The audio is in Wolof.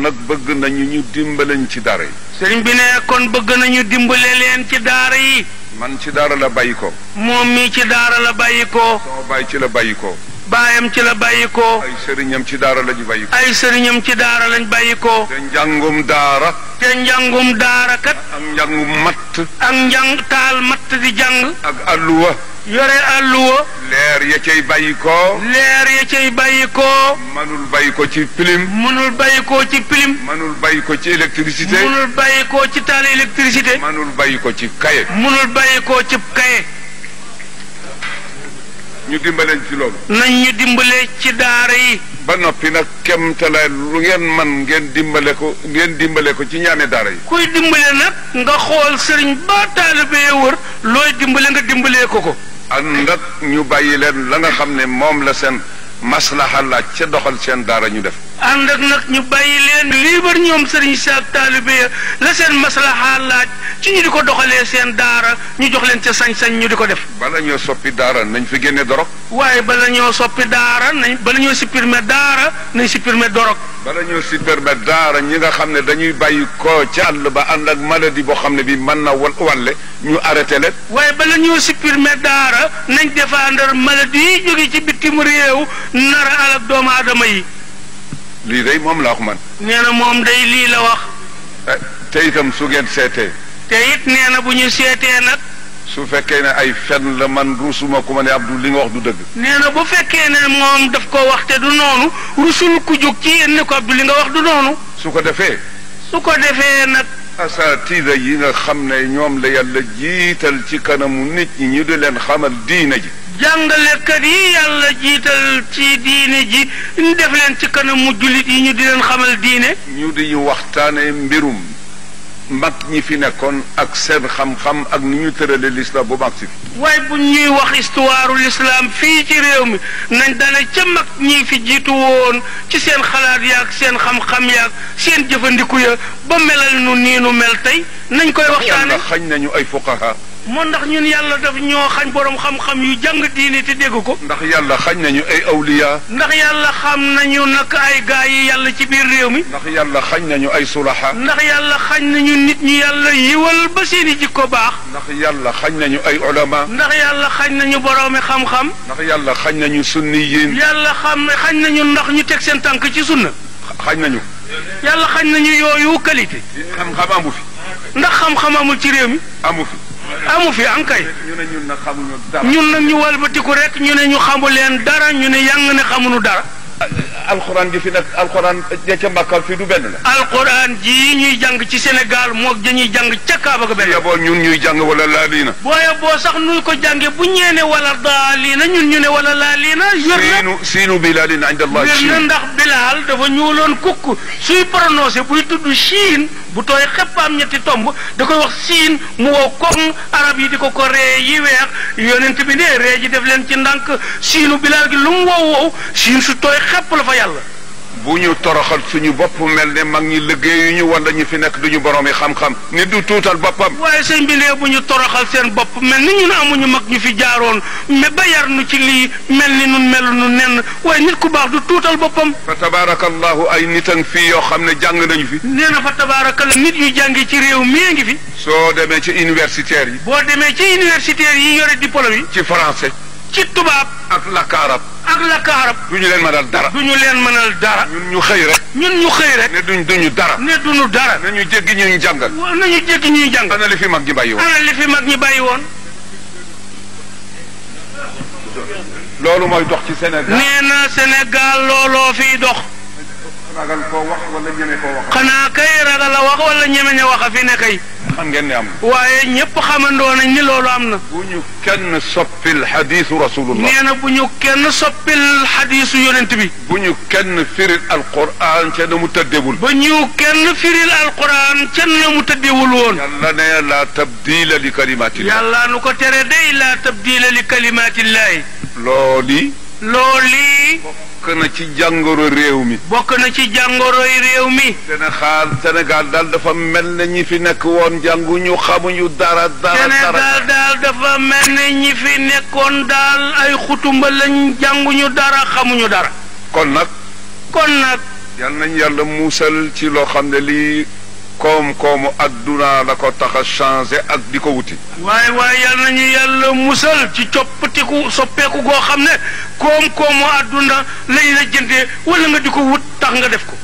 nag bëgg nañu ñu dimbaleñ ci daara yi. sëriñ bi ne kon bëgg nañu dimbale leen ci daara yi. man ci dara la bàyyi ko. moom mii ci daara la bàyyi ko. sama baay ci la bàyyi ko. baayam ci la bàyyikoo. ay sëriñam ci daara lañu bàyyikoo. ay sëriñam ci daara lañ bàyyikoo. te njàngum daara. te njàngum daara kat. ak njàngum matt. ak njàng taal matt di jàng. ak alluwa. yore alluwa. leer ya cay bàyyikoo. leer ya cay bàyyikoo. mënul bàyyikoo ci pilim. mënul bàyyikoo ci pilim. mënul bàyyikoo ci électricité. mënul bàyyikoo ci taal électricité. mënul bàyyikoo ci kaye. mënul bàyyikoo ci kaye. ñu dimbaleen ci loolu. nañ ñu dimbalee ci daara yi. ba noppi nag kem talaay lu ngeen man ngeen dimbale ko ngeen dimbale ko ci ñaane daara yi. kuy dimbale nag nga xool sëriñ ba taalibe wër looy dimbale nga dimbalee ko ko. ànd ñu bàyyi leen la nga xam ne moom la seen maslaha laaj ca doxal seen daara ñu def. ànd ak nag ñu bàyyi leen lii liibar ñoom sëriñ saak taalibe ya la seen maslaha laaj ci ñu di ko doxalee seen daara ñu jox leen ca sañ-sañ ñu di ko def. bala ñoo soppi daara nañ fi génne dorog. waaye bala ñoo soppi daara nañ bala ñoo supprimer daara nañ supprimer dorog. bala ñoo supprimer daara ñi nga xam ne dañuy bàyyi ko ci àll ba ànd ak maladie boo xam ne bii mën na wal wàlle ñu arrêté leen. waaye bala ñoo supprimer daara nañ défendre maladie yi jóge ci bitim réew nar a alal doomu aadama yi. lii dey moom la wax man. nee na moom day lii la wax. Eh, te itam su ngeen seetee. te it nee na bu ñu seetee nag. su fekkee ne ay fen la man ruusuma ku ma ne Abdou li nga wax du dëgg. nee na bu fekkee ne moom daf ko wax te du noonu rusul ku jóg ci yéen ni ko Abdou li nga wax du noonu. su ko defee. su ko defee nag. asaatiida yi nga xam ne ñoom la yàlla jiital ci kanamu nit ñi ñu di leen xamal diina ji. jàngalekat yi yàlla jiital ci diine ji def leen ci kanamu jullit yi ñu di leen xamal diine. ñu di ñu waxtaanee mbirum mag ñi fi nekkoon ak seen xam-xam ak ni ñu tëralee lislaam bu mag fi waaye bu ñuy wax histoire lislaam fii ci réew mi nañ dana ca mag ñi fi jiitu woon ci seen xalaat ak seen xam-xam yaak seen jëfandiku ya ba melal nu nii nu mel tey nañ koy waxtaane xañ nañu ay fuqaha moo ndax ñun yàlla daf ñoo xañ borom xam-xam yu jàng diine te dégg ko ndax yàlla xañ nañu ay awliya ndax yàlla xam nañu nag ay gaa yi yàlla ci biir réew mi ndax yàlla xañ nañu ay sulaha ndax xañ nañu nit ñi yàlla yiwal ba seeni jikko baax ndax yàlla xañ nañu ay ulama ndax yàlla xañ nañu boroomi xam-xam ndax yàlla xañ nañu sunniyin yàlla xam xañ nañu ndax ñu teg seen tànk ci sunna xañ nañu yàlla xañ nañu yooyu qualité. xam-xam amu ndax xam-xam amul ci réew mi. amu fi. amu fi an kay ñun nag ñu walbatiku rek ñu ne ñu xamu leen dara ñu ne yàng ne xamuñu dara. alxuraan ji fi nag alxuraan ja ca fi du benn la. ji ñuy jàng ci Sénégal moog dañuy jàng ca Kaaba ga benn. ñuy jàng wala laa lii na. boo yaboo sax nuy ko jàngee bu ñeene wala daa lii na ñun ñu ne wala laa lii na. yor na siinu siinu bilaal inda Allah. ndax bilaal dafa ñuuloon kukk suy prononcé buy tudd Chine. bu tooy xëpp am ñetti tomb da koy wax siin mu wow koŋ arab yi di ko ko ree yi weex yonent bi ne ree ji def leen ci ndànk siinu bilaal gi lu mu wow wow siin su tooy xëpp la fa yàlla buñu toroxal suñu bopp mel ne mag ñi ñu wala ñu fi nekk duñu borom yi xam-xam ni du tuutal boppam. waaye sëñ bi nee bu ñu toroxal seen bopp mel ni ñun amuñu mag ñu fi jaaroon mais ba yar nu ci lii mel ni nun melu nu nenn waaye nit ku baax du tuutal boppam. fa tabaarakallahu ay nit a ngi fi yoo xam ne jàng nañu fi. nee na fa tabaarakallahu nit yu jàngi ci réew mi ngi fi. soo demee ci universitaire yi. boo demee ci universitaire yi yore diplôme yi. ci français. ci tubaab. ak làkk arab ak lakaaram. du ñu leen mën al dara. du ñu leen mën mënal dara. ñun ñu xëy rek. ñun ñu xëy rek. ne duñ duñu dara. ne ñu dara. na ñu jéggi ñuy jàngal. na ñu jéggi ñuy jàngal. ana li fi mag ñi bàyyi woon. ana li fi mag ñi bàyyi woon. loolu mooy dox ci Sénégal. nee na looloo fiy dox. ragal koo wax wala ñeme koo wax. xanaa kay ragal a wax wala ñeme ña wax a fi ne kay. xam ngeen ne am na. waaye ñëpp xamandoo nañ ni loolu am na. bu ñu kenn soppil xadiisu rasulullah. nee na bu ñu kenn soppil xadiisu yonent bi. bu ñu kenn firil alquran ca na mu tëddeewul. bu ñu kenn firil alquran ca na mu tëddeewul woon. yàlla ne laa tabdiila li kalimaatillahi. yàlla nu ko tere day laa tabdiila li kalimaatillahi. looli. looli. bokk na ci jàngoro réew mi. bokk na ci jàngoroy réew mi. dana xaar Sénégal daal dafa mel ne ñi fi nekk woon jàngu ñu xamuñu dara. dara dara dafa mel ne ñi fi nekkoon daal ay xutumba lañ jànguñu dara xamuñu dara. kon nag. kon nag. yal nañ muusal ci loo xam ne lii koom-koomu adduna la ko tax a changé ak di ko wuti. waaye waaye yal nañu yàlla musal ci coppatiku soppeeku goo xam ne koom-koomu adduna lañ la jëndee wala nga di ko wut tax nga def ko.